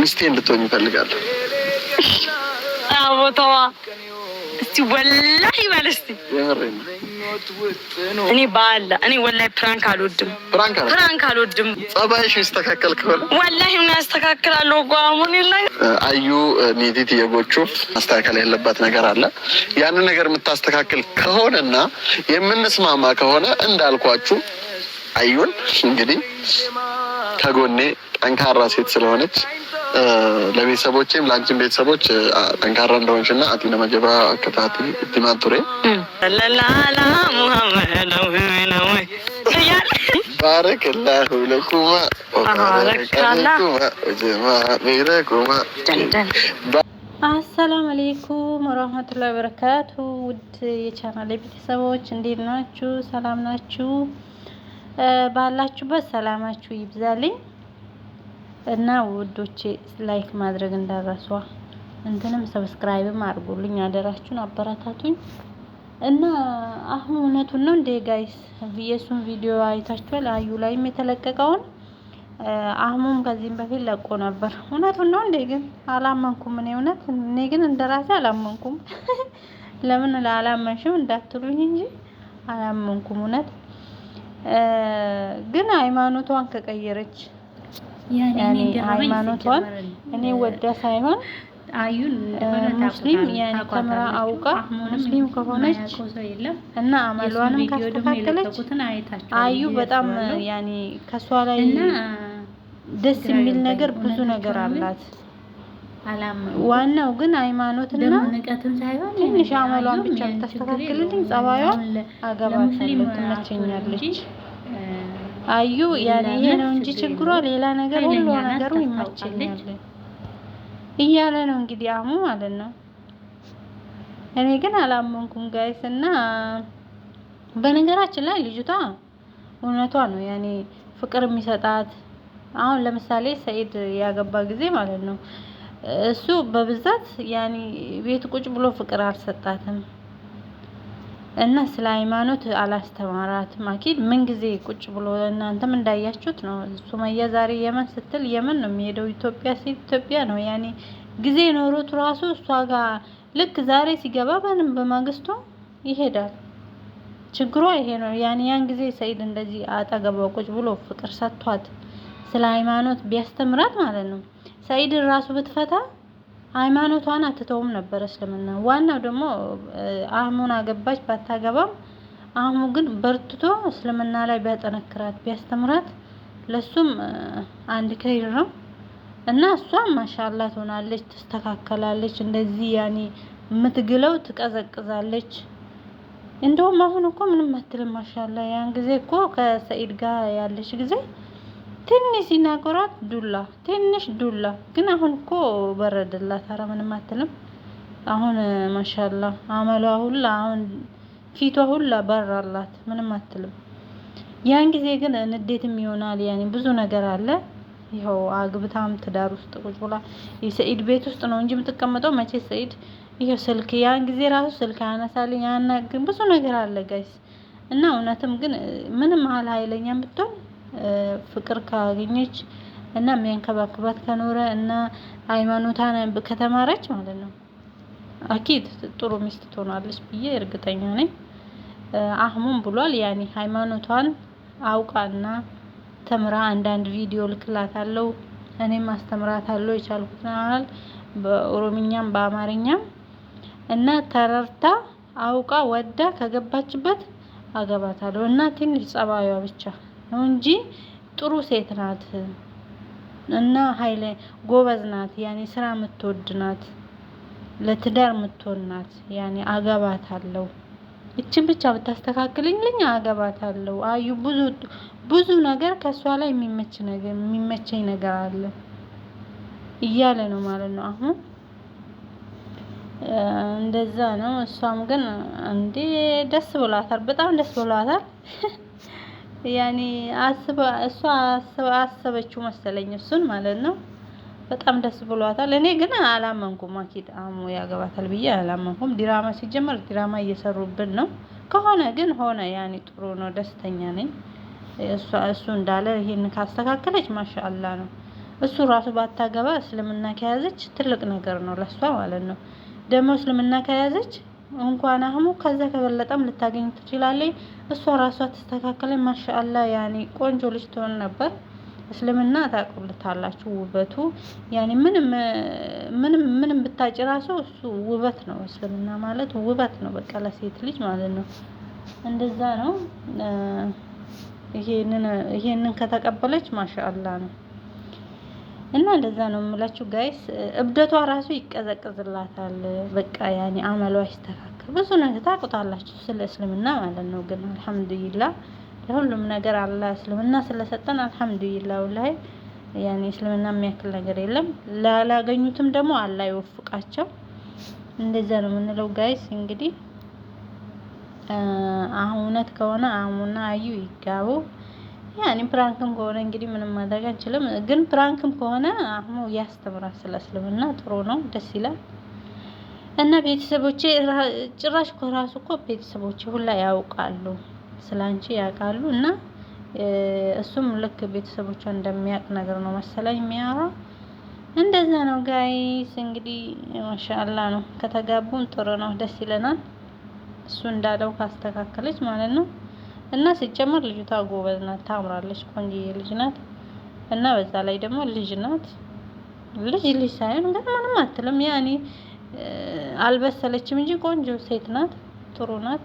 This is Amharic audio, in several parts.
ሚስቴ እንድትሆኝ ይፈልጋል። አቦተዋ እስቲ ወላ በል እስቲ እኔ በአላ እኔ ወላሂ ፕራንክ አልወድም፣ ፕራንክ አልወድም። ጸባይሽ ይስተካከል ከሆነ ወላሂ ምን ያስተካክላለሁ እኮ አሁን ላይ አዩ ኔቲት የጎቹ ማስተካከል ያለባት ነገር አለ። ያንን ነገር የምታስተካክል ከሆነና የምንስማማ ከሆነ እንዳልኳችሁ አዩን እንግዲህ ከጎኔ ጠንካራ ሴት ስለሆነች ለቤተሰቦቼም ለአንቺን ቤተሰቦች ጠንካራ እንደሆንሽ ና አቲ መጀባ ከታቲ ቲማቱሬ ለላላ ሙሐመድ ባረከላሁ ለኩማ አሰላም አለይኩም ወረህመቱላሂ ወበረካቱ። ውድ የቻናል ቤተሰቦች እንዴት ናችሁ? ሰላም ናችሁ? ባላችሁበት ሰላማችሁ ይብዛልኝ እና ውዶቼ ላይክ ማድረግ እንዳረሷ እንትንም ሰብስክራይብም አድርጉልኝ አደራችሁን፣ አበረታቱኝ እና አሁን እውነቱን ነው እንዴ ጋይስ፣ የእሱን ቪዲዮ አይታችኋል። አዩ ላይም የተለቀቀውን አህሙም ከዚህም በፊት ለቆ ነበር። እውነቱን ነው እንዴ ግን አላመንኩም። እኔ እውነት እኔ ግን እንደራሴ አላመንኩም። ለምን አላመንሽም እንዳትሉኝ እንጂ አላመንኩም እውነት ግን ሃይማኖቷን ከቀየረች ያኔ ሃይማኖቷን እኔ ወዳ ሳይሆን ሙስሊም ያኔ ተምራ አውቃ ሙስሊም ከሆነች እና አመሏንም ካስተካከለች አዩ በጣም ያኔ ከሷ ላይ ደስ የሚል ነገር ብዙ ነገር አላት። ዋናው ግን ሃይማኖትና ትንሽ አመሏን ብቻ ብታስተካክልልኝ ጸባዩን አገባታለሁ፣ ትመቸኛለች። አዩ ያኔ ይሄ ነው እንጂ ችግሯ ሌላ ነገር ሁሉ ነገሩ ይመቸኛል እያለ ነው እንግዲህ አሙ ማለት ነው። እኔ ግን አላመንኩም ጋይስ እና በነገራችን ላይ ልጅቷ እውነቷ ነው ያኔ ፍቅር የሚሰጣት አሁን ለምሳሌ ሰኢድ ያገባ ጊዜ ማለት ነው እሱ በብዛት ያኔ ቤት ቁጭ ብሎ ፍቅር አልሰጣትም። እና ስለ ሃይማኖት አላስተማራትም። አኪድ ምን ጊዜ ቁጭ ብሎ እናንተም እንዳያችሁት ነው። ሱመያ ዛሬ የመን ስትል የመን ነው የሚሄደው፣ ኢትዮጵያ ሲል ኢትዮጵያ ነው። ያኔ ጊዜ ኖሮት ራሱ እሷ ጋር ልክ ዛሬ ሲገባ በንም በማግስቱ ይሄዳል። ችግሯ ይሄ ነው። ያኔ ያን ጊዜ ሰይድ እንደዚህ አጠገቧ ቁጭ ብሎ ፍቅር ሰጥቷት ስለ ሃይማኖት ቢያስተምራት ማለት ነው ሰይድን ራሱ ብትፈታ ሃይማኖቷን አትተውም ነበር እስልምና። ዋናው ደግሞ አህሙን አገባች ባታገባም፣ አህሙ ግን በርትቶ እስልምና ላይ ቢያጠነክራት ቢያስተምራት ለሱም አንድ ከይር ነው እና እሷም ማሻላ ትሆናለች፣ ትስተካከላለች። እንደዚህ ያኔ የምትግለው ትቀዘቅዛለች። እንደውም አሁን እኮ ምንም አትልም ማሻላ። ያን ጊዜ እኮ ከሰኢድ ጋር ያለች ጊዜ ትንሽ ሲናገሯት ዱላ ትንሽ ዱላ ግን አሁን እኮ በረደላት። ኧረ ምንም አትልም አሁን ማሻላ አመሏ ሁላ አሁን ፊቷ ሁላ በራላት። ምንም አትልም። ያን ጊዜ ግን ንዴትም ይሆናል። ያኔ ብዙ ነገር አለ። ይኸው አግብታም ትዳር ውስጥ ቁጭ ብላ የሰኢድ ቤት ውስጥ ነው እንጂ የምትቀመጠው መቼ ሰኢድ ይሄ ስልክ ያን ጊዜ ራሱ ስልክ ያነሳልኝ ያናግን ብዙ ነገር አለ ጋይስ እና እውነትም ግን ምንም ያህል ኃይለኛ ብትሆን ፍቅር ካገኘች እና የሚያንከባክባት ከኖረ እና ሃይማኖቷን ከተማረች ማለት ነው አኪድ ጥሩ ሚስት ትሆናለች ብዬ እርግጠኛ ነኝ። አህሙም ብሏል ያኔ ሃይማኖቷን አውቃና ተምራ አንዳንድ ቪዲዮ ልክላታለሁ እኔም አስተምራታለሁ የቻልኩትን በኦሮምኛም በአማርኛም እና ተረርታ አውቃ ወዳ ከገባችበት አገባታለሁ እና ትንሽ ጸባዩዋ ብቻ ነው እንጂ ጥሩ ሴት ናት እና ሀይለ ጎበዝ ናት። ያኔ ስራ የምትወድ ናት። ለትዳር የምትሆን ናት። ያኔ አገባት አለው። ይችን ብቻ ብታስተካክልኝ አገባት አለው። አዩ ብዙ ብዙ ነገር ከእሷ ላይ የሚመች ነገር የሚመቸኝ ነገር አለ እያለ ነው ማለት ነው አሁን እንደዛ ነው። እሷም ግን እንዴ ደስ ብሏታል፣ በጣም ደስ ብሏታል። ያኔ አስበ እሷ አሰበችው መሰለኝ እሱን ማለት ነው። በጣም ደስ ብሏታል። እኔ ግን አላመንኩም። አኪድ አሙ ያገባታል ብዬ አላመንኩም። ዲራማ ሲጀመር ዲራማ እየሰሩብን ነው። ከሆነ ግን ሆነ ያኔ ጥሩ ነው። ደስተኛ ነኝ። እሱ እንዳለ ይሄን ካስተካከለች ማሻአላ ነው። እሱ ራሱ ባታገባ እስልምና ከያዘች ትልቅ ነገር ነው ለሷ ማለት ነው። ደግሞ እስልምና ከያዘች እንኳን አህሙ ከዛ ከበለጠም ልታገኝ ትችላለች። እሷ ራሷ ተስተካከለ ማሻአላ ያኔ ቆንጆ ልጅ ትሆን ነበር። እስልምና ታቁልታላችሁ ውበቱ ያኔ ምንም ምንም ምንም ብታጭ ራሱ እሱ ውበት ነው። እስልምና ማለት ውበት ነው፣ በቃ ለሴት ልጅ ማለት ነው። እንደዛ ነው። ይሄንን ይሄንን ከተቀበለች ማሻአላ ነው። እና እንደዛ ነው የምላችሁ ጋይስ። እብደቷ ራሱ ይቀዘቅዝላታል። በቃ ያኔ አመሏ ይስተካከል። ብዙ ነገር ታውቁታላችሁ ስለ እስልምና ማለት ነው። ግን አልሐምዱሊላ ለሁሉም ነገር አላ እስልምና ስለሰጠን አልሐምዱሊላ ላይ ያኔ እስልምና የሚያክል ነገር የለም። ላላገኙትም ደግሞ አላ ይወፍቃቸው። እንደዛ ነው የምንለው ጋይስ። እንግዲህ አሁን እውነት ከሆነ አሙና አዩ ይጋቡ። ያኔ ፕራንክም ከሆነ እንግዲህ ምንም ማድረግ አንችልም። ግን ፕራንክም ከሆነ አህሙ ያስተምራል ስለ እስልምና ጥሩ ነው፣ ደስ ይላል። እና ቤተሰቦቼ ጭራሽ እኮ ራሱ እኮ ቤተሰቦቼ ሁላ ያውቃሉ፣ ስለ አንቺ ያውቃሉ። እና እሱም ልክ ቤተሰቦቿ እንደሚያውቅ ነገር ነው መሰለኝ የሚያወራው እንደዛ ነው። ጋይስ እንግዲህ ማሻአላ ነው። ከተጋቡም ጥሩ ነው፣ ደስ ይለናል። እሱ እንዳለው ካስተካከለች ማለት ነው። እና ሲጨመር ልጅቷ ጎበዝ ናት፣ ታምራለች፣ ቆንጆዬ ልጅ ናት። እና በዛ ላይ ደግሞ ልጅ ናት። ልጅ ልጅ ሳይሆን ግን ምንም አትልም። ያኔ አልበሰለችም እንጂ ቆንጆ ሴት ናት፣ ጥሩ ናት።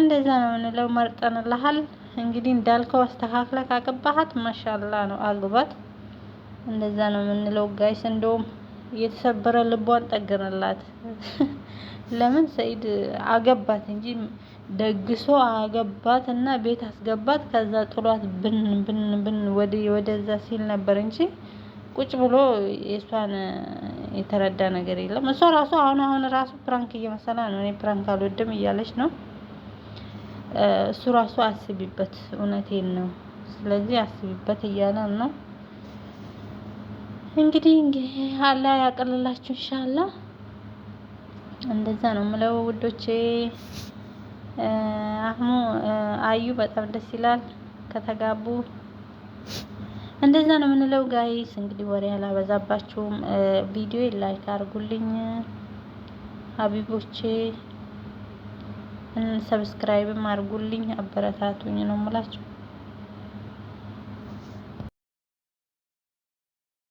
እንደዛ ነው የምንለው። መርጠንልሃል እንግዲህ እንዳልከው አስተካክለ ካገባሃት ማሻላ ነው፣ አግባት። እንደዛ ነው የምንለው ጋይስ። እንደውም የተሰበረ ልቧን ጠገንላት። ለምን ሰይድ አገባት እንጂ ደግሶ አገባት እና ቤት አስገባት። ከዛ ጥሏት ብን ብን ብን ወደ ወደዛ ሲል ነበር እንጂ ቁጭ ብሎ የእሷን የተረዳ ነገር የለም። እሷ ራሱ አሁን አሁን ራሱ ፕራንክ እየመሰላ ነው። እኔ ፕራንክ አልወድም እያለች ነው። እሱ ራሱ አስቢበት፣ እውነቴን ነው። ስለዚህ አስቢበት እያለ ነው። እንግዲህ እንግዲህ አላ ያቀልላችሁ ኢንሻአላህ። እንደዛ ነው ምለው ውዶቼ። አህሙ አዩ በጣም ደስ ይላል ከተጋቡ እንደዛ ነው የምንለው። ጋይስ እንግዲህ ወሬ አላበዛባችሁም። ቪዲዮ ላይክ አድርጉልኝ ሀቢቦቼ፣ ሰብስክራይብም አድርጉልኝ፣ አበረታቱኝ ነው የምላችሁ።